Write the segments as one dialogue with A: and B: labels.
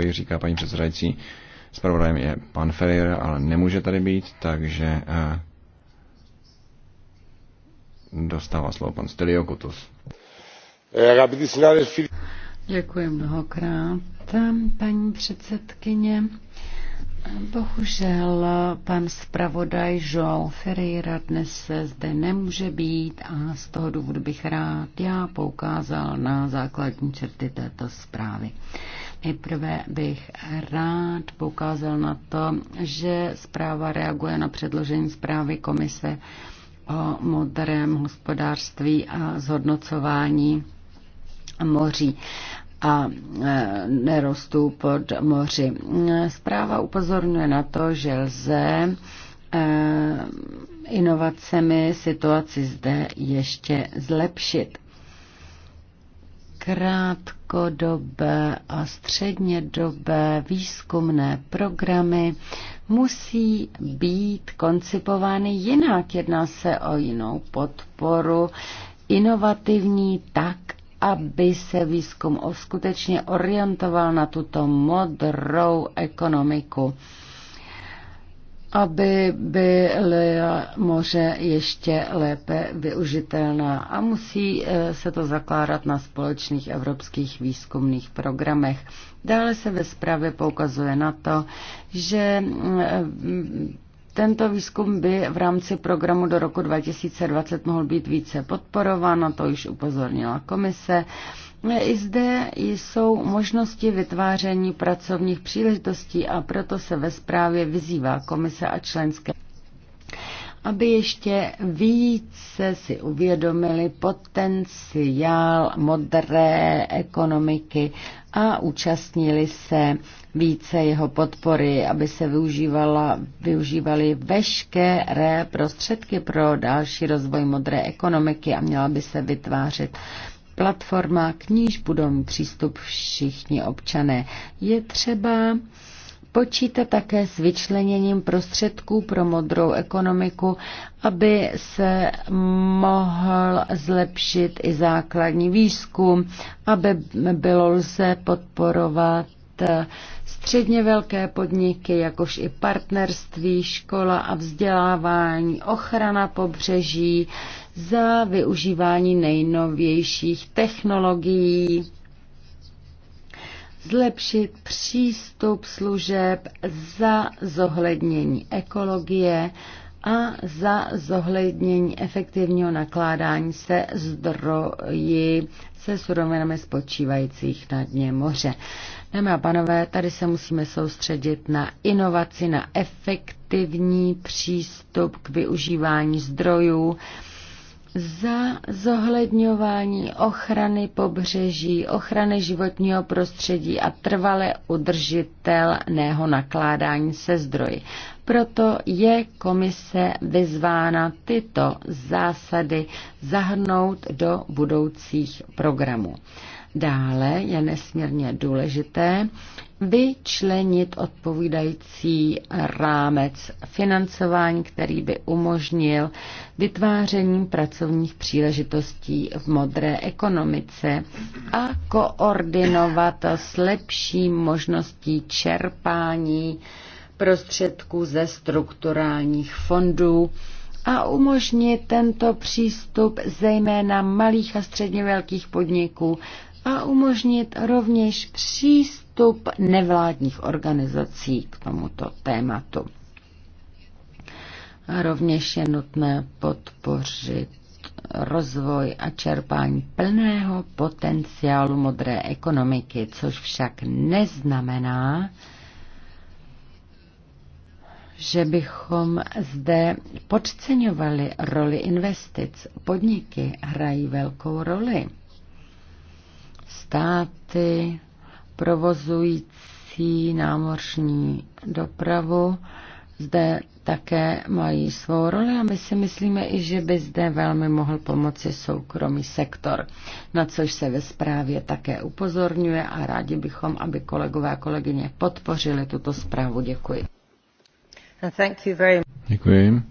A: Děkuji, říká paní předsedající. Spravodajem je pan Ferrier, ale nemůže tady být, takže eh, dostává slovo pan Steliokutus.
B: Děkuji mnohokrát, paní předsedkyně. Bohužel pan zpravodaj João Ferreira dnes se zde nemůže být a z toho důvodu bych rád já poukázal na základní črty této zprávy. Nejprve bych rád poukázal na to, že zpráva reaguje na předložení zprávy komise o modrém hospodářství a zhodnocování moří a e, nerostů pod moři. Zpráva upozorňuje na to, že lze e, inovacemi situaci zde ještě zlepšit. Krátkodobé a střednědobé výzkumné programy musí být koncipovány jinak. Jedná se o jinou podporu, inovativní tak, aby se výzkum skutečně orientoval na tuto modrou ekonomiku aby byla moře ještě lépe využitelná a musí e, se to zakládat na společných evropských výzkumných programech. Dále se ve zprávě poukazuje na to, že e, tento výzkum by v rámci programu do roku 2020 mohl být více podporován, na to již upozornila komise. I zde jsou možnosti vytváření pracovních příležitostí a proto se ve zprávě vyzývá komise a členské aby ještě více si uvědomili potenciál modré ekonomiky a účastnili se více jeho podpory, aby se využívala, využívaly veškeré prostředky pro další rozvoj modré ekonomiky a měla by se vytvářet platforma, k níž budou přístup všichni občané. Je třeba Počítat také s vyčleněním prostředků pro modrou ekonomiku, aby se mohl zlepšit i základní výzkum, aby bylo lze podporovat středně velké podniky, jakož i partnerství, škola a vzdělávání, ochrana pobřeží za využívání nejnovějších technologií zlepšit přístup služeb za zohlednění ekologie a za zohlednění efektivního nakládání se zdroji se surovinami spočívajících na dně moře. Dámy a panové, tady se musíme soustředit na inovaci, na efektivní přístup k využívání zdrojů, za zohledňování ochrany pobřeží, ochrany životního prostředí a trvale udržitelného nakládání se zdroji. Proto je komise vyzvána tyto zásady zahrnout do budoucích programů. Dále je nesmírně důležité, vyčlenit odpovídající rámec financování, který by umožnil vytváření pracovních příležitostí v modré ekonomice a koordinovat s lepší možností čerpání prostředků ze strukturálních fondů a umožnit tento přístup zejména malých a středně velkých podniků a umožnit rovněž přístup přístup nevládních organizací k tomuto tématu. A rovněž je nutné podpořit rozvoj a čerpání plného potenciálu modré ekonomiky, což však neznamená, že bychom zde podceňovali roli investic. Podniky hrají velkou roli. Státy, provozující námořní dopravu zde také mají svou roli a my si myslíme i, že by zde velmi mohl pomoci soukromý sektor, na což se ve zprávě také upozorňuje a rádi bychom, aby kolegové a kolegyně podpořili tuto zprávu. Děkuji. Thank you very much.
A: Děkuji.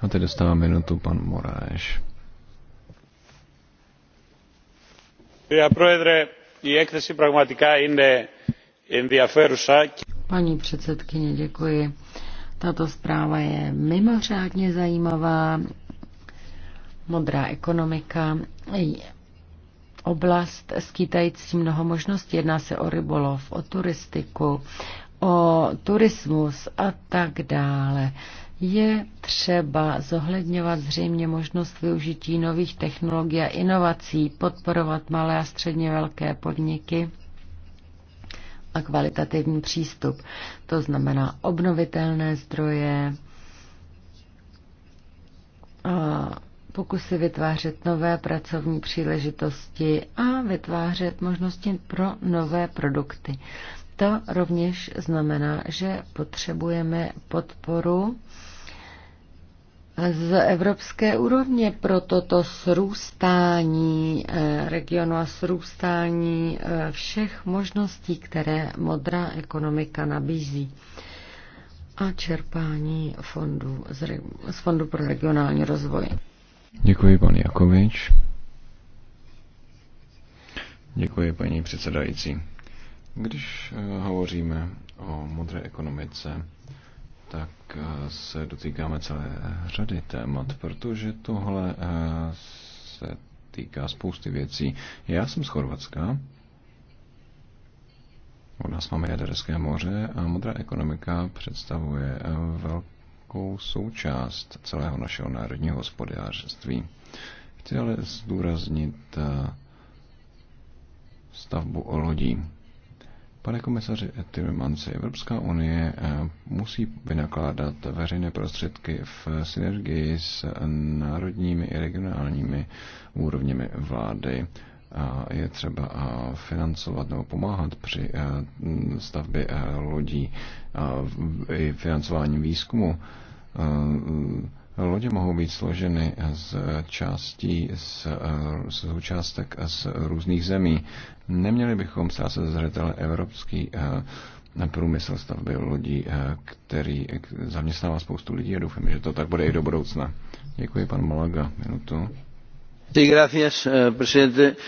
A: A teď dostává minutu pan Moráš. Já
B: Paní předsedkyně, děkuji. Tato zpráva je mimořádně zajímavá. Modrá ekonomika oblast skýtající mnoho možností. Jedná se o rybolov, o turistiku, o turismus a tak dále je třeba zohledňovat zřejmě možnost využití nových technologií a inovací, podporovat malé a středně velké podniky a kvalitativní přístup. To znamená obnovitelné zdroje, a pokusy vytvářet nové pracovní příležitosti a vytvářet možnosti pro nové produkty. To rovněž znamená, že potřebujeme podporu z evropské úrovně pro toto srůstání eh, regionu a srůstání eh, všech možností, které modrá ekonomika nabízí a čerpání fondů z, z Fondu pro regionální rozvoj.
A: Děkuji, pan Jakovič. Děkuji, paní předsedající. Když eh, hovoříme o modré ekonomice, tak eh, se dotýkáme celé řady témat, protože tohle eh, se týká spousty věcí. Já jsem z Chorvatska, u nás máme Jaderské moře a modrá ekonomika představuje velkou součást celého našeho národního hospodářství. Chci ale zdůraznit stavbu o lodí. Pane komisaři Timmermansi, Evropská unie eh, musí vynakládat veřejné prostředky v synergii s národními i regionálními úrovněmi vlády. je třeba eh, financovat nebo pomáhat při eh, stavbě lodí i financování výzkumu Lodě mohou být složeny z částí, z, z součástek z různých zemí. Neměli bychom ztrácet zřetele evropský eh, průmysl stavby lodí, eh, který zaměstnává spoustu lidí a doufám, že to tak bude i do budoucna. Děkuji, pan Malaga. Minutu. Eh,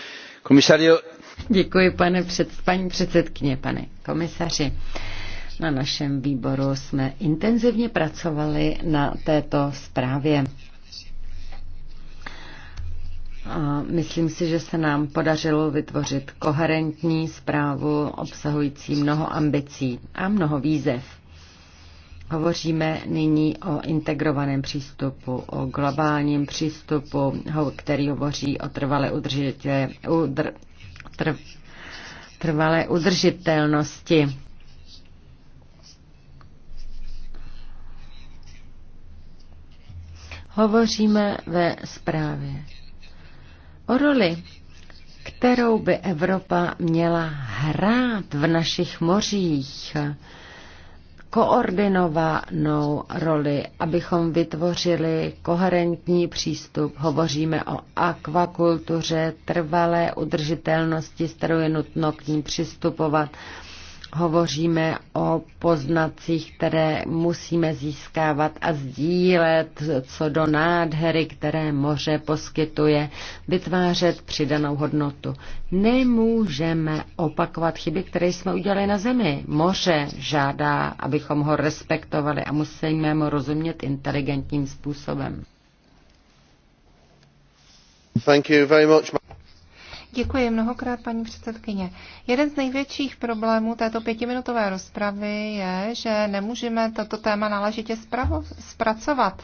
B: Děkuji, pane před, paní předsedkyně, pane komisaři. Na našem výboru jsme intenzivně pracovali na této zprávě. A myslím si, že se nám podařilo vytvořit koherentní zprávu obsahující mnoho ambicí a mnoho výzev. Hovoříme nyní o integrovaném přístupu, o globálním přístupu, který hovoří o trvalé, udržitě, udr, trv, trvalé udržitelnosti hovoříme ve zprávě o roli, kterou by Evropa měla hrát v našich mořích, koordinovanou roli, abychom vytvořili koherentní přístup. Hovoříme o akvakultuře, trvalé udržitelnosti, s kterou je nutno k ní přistupovat hovoříme o poznacích, které musíme získávat a sdílet, co do nádhery, které moře poskytuje, vytvářet přidanou hodnotu. Nemůžeme opakovat chyby, které jsme udělali na zemi. Moře žádá, abychom ho respektovali a musíme mu rozumět inteligentním způsobem.
C: Thank you very much. Děkuji mnohokrát, paní předsedkyně. Jeden z největších problémů této pětiminutové rozpravy je, že nemůžeme toto téma náležitě zpracovat.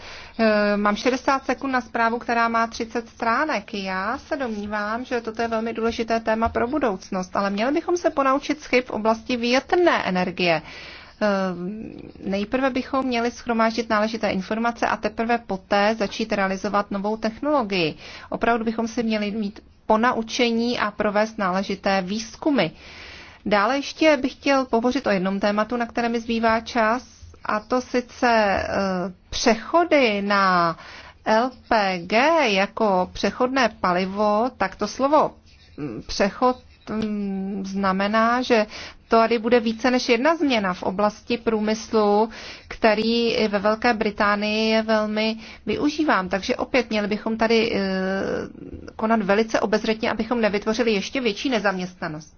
C: E, mám 60 sekund na zprávu, která má 30 stránek. Já se domnívám, že toto je velmi důležité téma pro budoucnost, ale měli bychom se ponaučit z chyb v oblasti větrné energie. Ehm, nejprve bychom měli schromáždit náležité informace a teprve poté začít realizovat novou technologii. Opravdu bychom si měli mít ponaučení a provést náležité výzkumy. Dále ještě bych chtěl pohořit o jednom tématu, na které mi zbývá čas, a to sice eh, přechody na LPG jako přechodné palivo, tak to slovo hm, přechod znamená, že tady bude více než jedna změna v oblasti průmyslu, který ve Velké Británii je velmi využívám. Takže opět měli bychom tady eh, konat velice obezřetně, abychom nevytvořili ještě větší nezaměstnanost.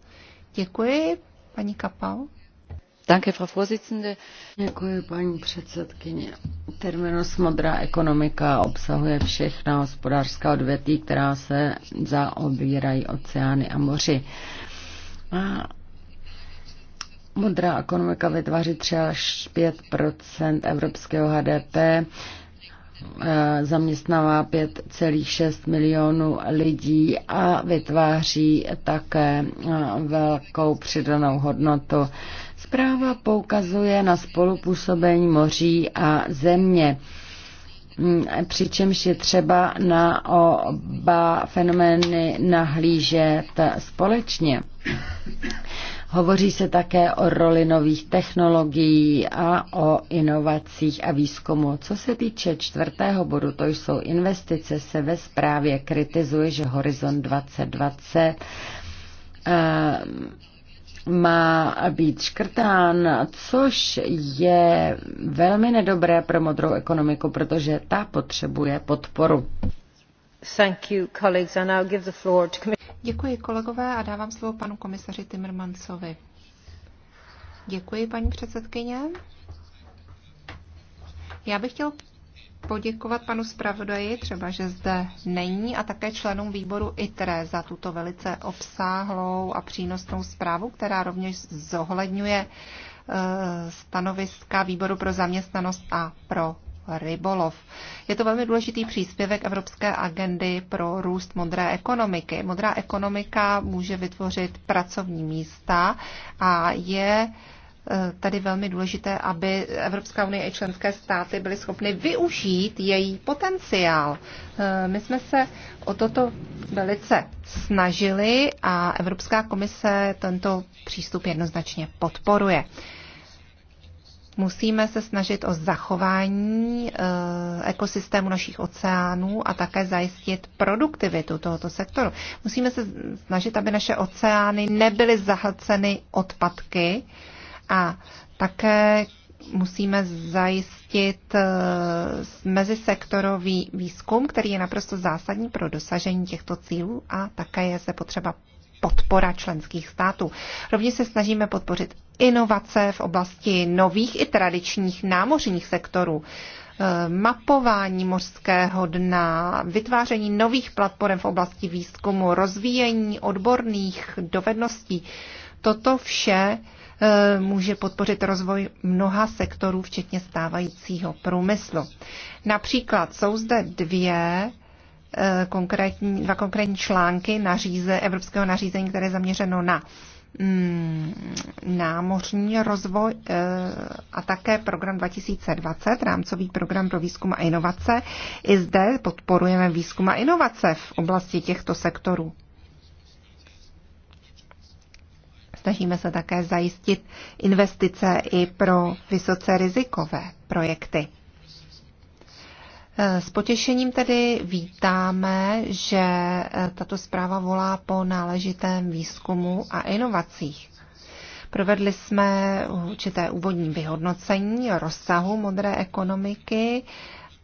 C: Děkuji, paní Kapal.
B: Děkuji, paní předsedkyně. Terminus modrá ekonomika obsahuje všechna hospodářská odvětví, která se zaobírají oceány a moři. A modrá ekonomika vytváří třeba až 5 evropského HDP, e, zaměstnává 5,6 milionů lidí a vytváří také e, velkou přidanou hodnotu Zpráva poukazuje na spolupůsobení moří a země mm, přičemž je třeba na oba fenomény nahlížet společně. Hovoří se také o roli nových technologií a o inovacích a výzkumu. Co se týče čtvrtého bodu, to jsou investice, se ve zprávě kritizuje, že Horizon 2020 má být škrtán, což je velmi nedobré pro modrou ekonomiku, protože ta potřebuje podporu.
C: Thank you, colleagues. I now give the floor to... Děkuji kolegové a dávám slovo panu komisaři Timmermansovi. Děkuji, paní předsedkyně. Já bych chtěl poděkovat panu zpravodaji, třeba že zde není, a také členům výboru ITRE za tuto velice obsáhlou a přínosnou zprávu, která rovněž zohledňuje eh, stanoviska výboru pro zaměstnanost a pro rybolov. Je to velmi důležitý příspěvek Evropské agendy pro růst modré ekonomiky. Modrá ekonomika může vytvořit pracovní místa a je Eh, tady velmi důležité, aby Evropská unie i členské státy byly schopny využít její potenciál. Eh, my jsme se o toto velice snažili a Evropská komise tento přístup jednoznačně podporuje. Musíme se snažit o zachování eh, ekosystému našich oceánů a také zajistit produktivitu tohoto sektoru. Musíme se snažit, aby naše oceány nebyly zahlceny odpadky, a také musíme zajistit eh, mezisektorový výzkum, který je naprosto zásadní pro dosažení těchto cílů a také je se potřeba podpora členských států. Rovněž se snažíme podpořit inovace v oblasti nových i tradičních námořních sektorů, eh, mapování mořského dna, vytváření nových platform v oblasti výzkumu, rozvíjení odborných dovedností. Toto vše Eh, může podpořit rozvoj mnoha sektorů, včetně stávajícího průmyslu. Například jsou zde dvě eh, konkrétní, dva konkrétní články naříze, evropského nařízení, které je zaměřeno na mm, námořní rozvoj eh, a také program 2020, rámcový program pro výzkum a inovace. I zde podporujeme výzkum a inovace v oblasti těchto sektorů. Snažíme se také zajistit investice i pro vysoce rizikové projekty. Eh, s potěšením tedy vítáme, že eh, tato zpráva volá po náležitém výzkumu a inovacích. Provedli jsme určité úvodní vyhodnocení rozsahu modré ekonomiky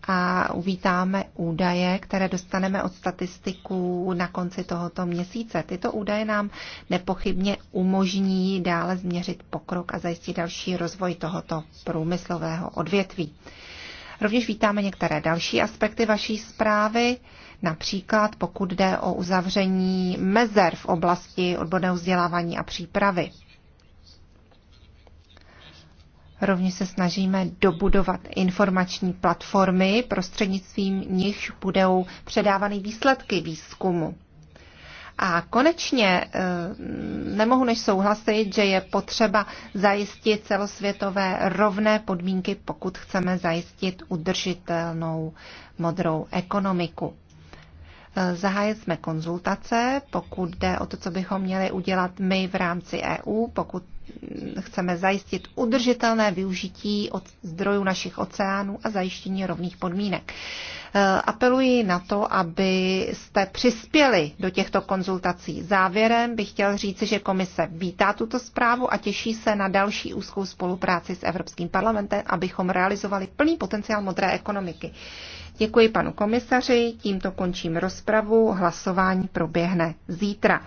C: a uvítáme údaje, které dostaneme od statistiků na konci tohoto měsíce. Tyto údaje nám nepochybně umožní dále změřit pokrok a zajistit další rozvoj tohoto průmyslového odvětví. Rovněž vítáme některé další aspekty vaší zprávy, například pokud jde o uzavření mezer v oblasti odborného vzdělávání a přípravy. Rovněž se snažíme dobudovat informační platformy, prostřednictvím nichž budou předávány výsledky výzkumu. A konečně eh, nemohu než souhlasit, že je potřeba zajistit celosvětové rovné podmínky, pokud chceme zajistit udržitelnou modrou ekonomiku. Zahájili jsme konzultace, pokud jde o to, co bychom měli udělat my v rámci EU, pokud chceme zajistit udržitelné využití od zdrojů našich oceánů a zajištění rovných podmínek. Eh, apeluji na to, abyste přispěli do těchto konzultací. Závěrem bych chtěl říci, že komise vítá tuto zprávu a těší se na další úzkou spolupráci s Evropským parlamentem, abychom realizovali plný potenciál modré ekonomiky. Děkuji panu komisaři, tímto končím rozpravu, hlasování proběhne zítra.